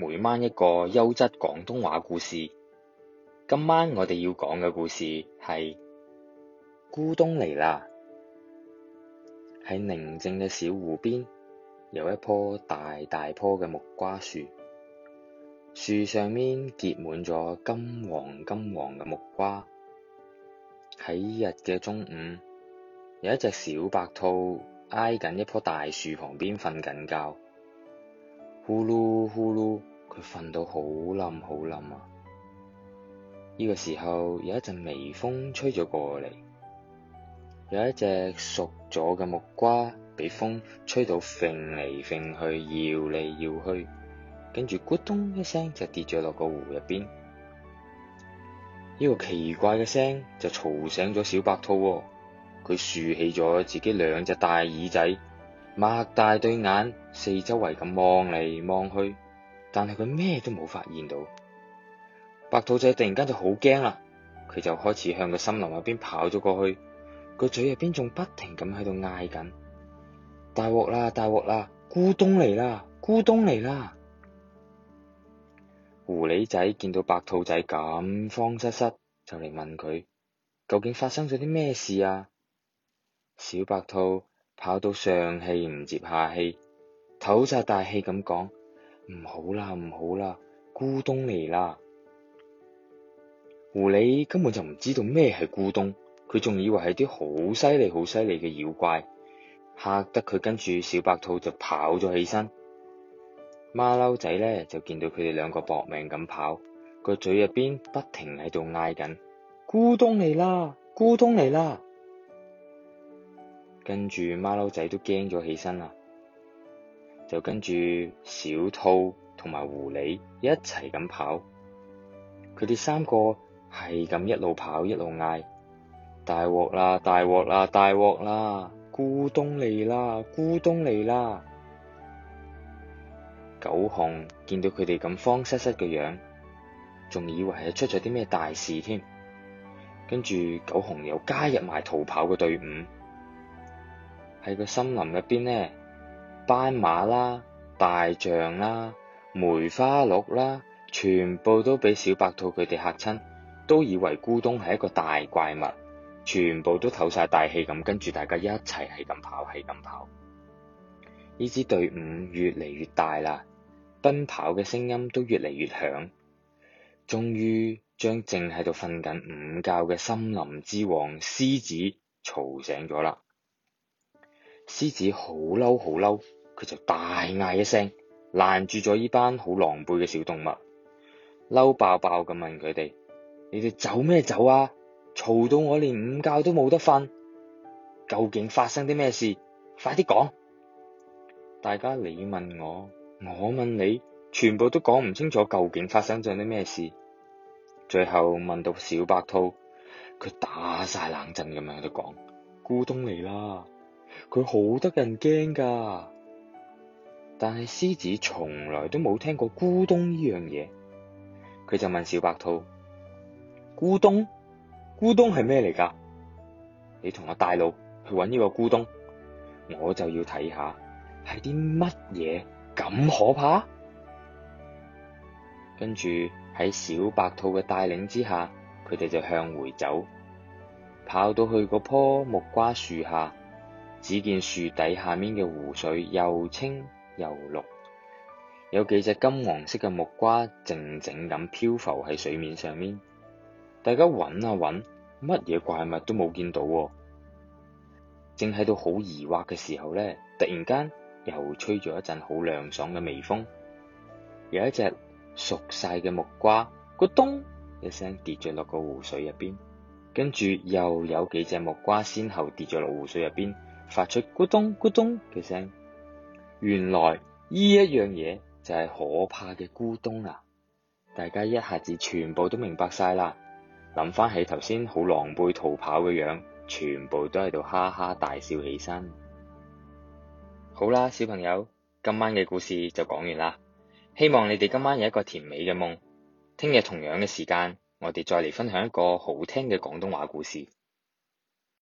每晚一個優質廣東話故事，今晚我哋要講嘅故事係咕咚嚟喇。喺寧靜嘅小湖邊，有一棵大大棵嘅木瓜樹，樹上面結滿咗金黃金黃嘅木瓜。喺呢日嘅中午，有一隻小白兔挨緊一棵大樹旁邊瞓緊覺。呼嚕呼嚕，佢瞓到好冧好冧啊！呢個時候有一陣微風吹咗過嚟，有一隻熟咗嘅木瓜俾風吹到揈嚟揈去，搖嚟搖去，跟住咕咚一聲就跌咗落個湖入邊。呢個奇怪嘅聲就嘈醒咗小白兔喎，佢豎起咗自己兩隻大耳仔。擘大對眼，四周圍咁望嚟望去，但係佢咩都冇發現到。白兔仔突然間就好驚啦，佢就開始向個森林入邊跑咗過去，個嘴入邊仲不停咁喺度嗌緊：大鑊啦，大鑊啦，咕咚嚟啦，咕咚嚟啦！狐狸仔見到白兔仔咁慌失失，就嚟問佢：究竟發生咗啲咩事啊？小白兔。跑到上氣唔接下氣，唞晒大氣咁講：唔好啦，唔好啦，咕咚嚟啦！狐狸根本就唔知道咩係咕咚，佢仲以為係啲好犀利、好犀利嘅妖怪，嚇得佢跟住小白兔就跑咗起身。孖騮仔咧就見到佢哋兩個搏命咁跑，個嘴入邊不停喺度嗌緊：咕咚嚟啦，咕咚嚟啦！跟住孖騮仔都驚咗起身啦，就跟住小兔同埋狐狸一齊咁跑，佢哋三個係咁一路跑一路嗌：大鑊啦！大鑊啦！大鑊啦！咕咚嚟啦！咕咚嚟啦！狗熊見到佢哋咁慌失失嘅樣，仲以為係出咗啲咩大事添，跟住狗熊又加入埋逃跑嘅隊伍。喺個森林入邊呢，斑馬啦、大象啦、梅花鹿啦，全部都俾小白兔佢哋嚇親，都以為咕咚係一個大怪物，全部都透晒大氣咁，跟住大家一齊係咁跑，係咁跑。呢支隊伍越嚟越大啦，奔跑嘅聲音都越嚟越響，終於將正喺度瞓緊午覺嘅森林之王獅子嘈醒咗啦。獅子好嬲好嬲，佢就大嗌一聲，攔住咗呢班好狼狽嘅小動物，嬲爆爆咁問佢哋：你哋走咩走啊？嘈到我連午覺都冇得瞓。究竟發生啲咩事？快啲講！大家你問我，我問你，全部都講唔清楚究竟發生咗啲咩事。最後問到小白兔，佢打晒冷震咁樣喺度講：咕咚嚟啦！佢好得人驚噶，但係獅子從來都冇聽過咕咚呢樣嘢，佢就問小白兔：咕咚，咕咚係咩嚟噶？你同我帶路去搵呢個咕咚，我就要睇下係啲乜嘢咁可怕。跟住喺小白兔嘅帶領之下，佢哋就向回走，跑到去嗰棵木瓜樹下。只見樹底下面嘅湖水又清又綠，有幾隻金黃色嘅木瓜靜靜咁漂浮喺水面上面。大家揾啊揾，乜嘢怪物都冇見到。哦，正喺度好疑惑嘅時候咧，突然間又吹咗一陣好涼爽嘅微風，有一隻熟晒嘅木瓜咕咚一聲跌咗落個湖水入邊，跟住又有幾隻木瓜先後跌咗落湖水入邊。發出咕咚咕咚嘅聲，原來呢一樣嘢就係可怕嘅咕咚啊！大家一下子全部都明白晒啦，諗翻起頭先好狼狽逃跑嘅樣，全部都喺度哈哈大笑起身。好啦，小朋友，今晚嘅故事就講完啦，希望你哋今晚有一個甜美嘅夢。聽日同樣嘅時間，我哋再嚟分享一個好聽嘅廣東話故事。